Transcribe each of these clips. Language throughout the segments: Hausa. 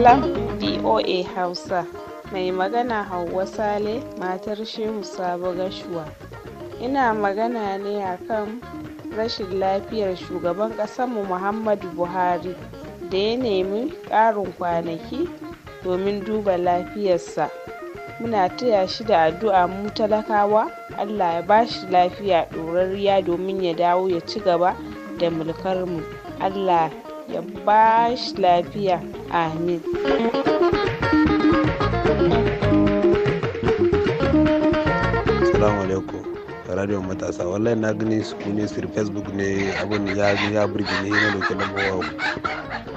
Salam VOA Hausa. Mai magana Hauwa Sale, matar Shehu Sabo Gashuwa. Ina magana ne akan rashin lafiyar shugaban ƙasarmu Muhammadu Buhari da ya nemi ƙarin kwanaki domin duba lafiyarsa. Muna taya shi da addu'a mu talakawa, Allah ya ba shi lafiya ɗorarriya domin ya dawo ya ci gaba da mulkarmu. Allah ya ba shi lafiya amin radio matasa wallahi na gani su ne sur facebook ne abin ya ya burge ne na doke lambawa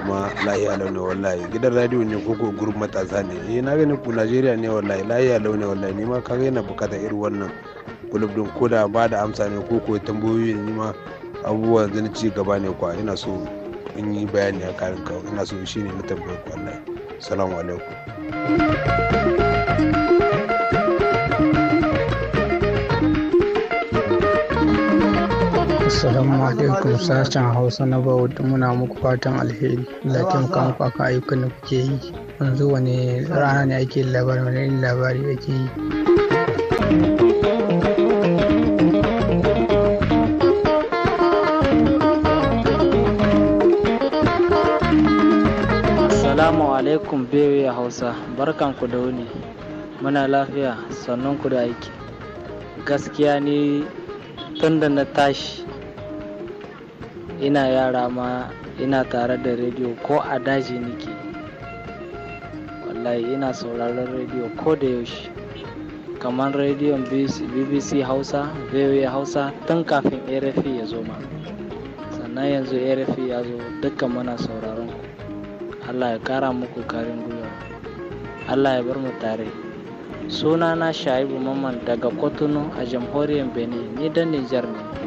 kuma lahiya launa wallahi gidan radio ne ko ko gurin matasa ne eh na gani ku Najeriya ne wallahi lahiya launa wallahi ni ma kaga yana bukata irin wannan kulub din ko da ba da amsa ne ko ko tambayoyi ne ma abubuwan zan ci gaba ne kwa ina so in yi bayani a karin kawo ina so shi ne na tabbai ku wallahi salamu alaikum Assalamu alaikum sashen Hausa na Bauchi muna muku fatan alheri. lakin kan kwaka ayyukan da kuke yi. Yanzu wani rana ne ake labari wani labari ake yi. assalamu alaikum ya Hausa, barkan ku da wuni, muna lafiya ku da aiki. Gaskiya ni tun da na tashi ina yara ma ina tare da rediyo ko a daji nike. Wallahi ina sauraron rediyo ko da yaushe. kamar rediyon bbc hausa voa hausa tun kafin arafi ya zo ma sannan yanzu arafi ya zo dukkan muna sauraron ku Allah ya kara muku karin gwiwa Allah ya bar mu tare sunana shaibu mamman daga kotunu a jamhuriyar benin ni dan nijar ne